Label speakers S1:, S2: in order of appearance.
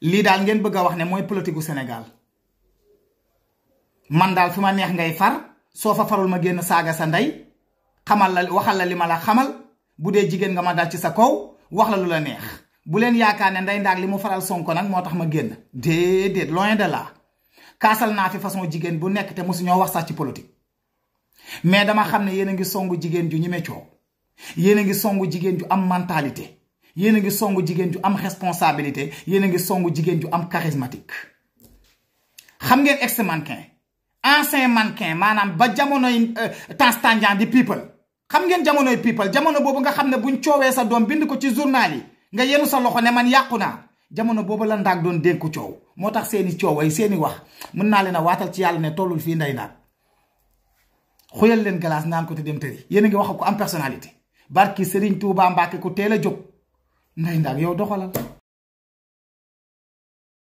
S1: lii daal ngeen bëgg a wax ne mooy politique gu Sénégal man daal fu ma neex ngay far soo fa farul ma génn saaga sa ndey xamal la waxal la li ma la xamal bu dee jigéen nga ma dal ci sa kaw wax la lu la neex bu leen yaakaar ne ndey ndaag li mu faral Sonko nag moo tax ma génn déedéet loin de là kaasal naa fi façon jigéen bu nekk te mosu ñoo wax sax ci politique mais dama xam ne yéen a ngi songu jigéen ju ñeme coow yéen a ngi songu jigéen ju am mentalité yéen a ngi songu jigéen ju am responsabilité yéen ngi songu jigéen ju am charismatique xam ngeen ex mannequin ancien mannequin maanaam ba jamonoy euh, temps tànjaan di people xam ngeen jamonoy people jamono boobu nga xam ne buñ coowee sa doom bind ko ci journal yi nga yenu sa loxo ne man yàqu naa jamono boobu la ndaag doon dénku coow moo tax seeni coow ay seeni wax mën naa leen a waatal ci yàlla ne tollul fii nday ndaag xuyal leen glace naan ko te dem tëri yéen ngi wax ko am personnalité barki Serigne Touba Mbacke ku teel a jóg nday ndaag yow doxalal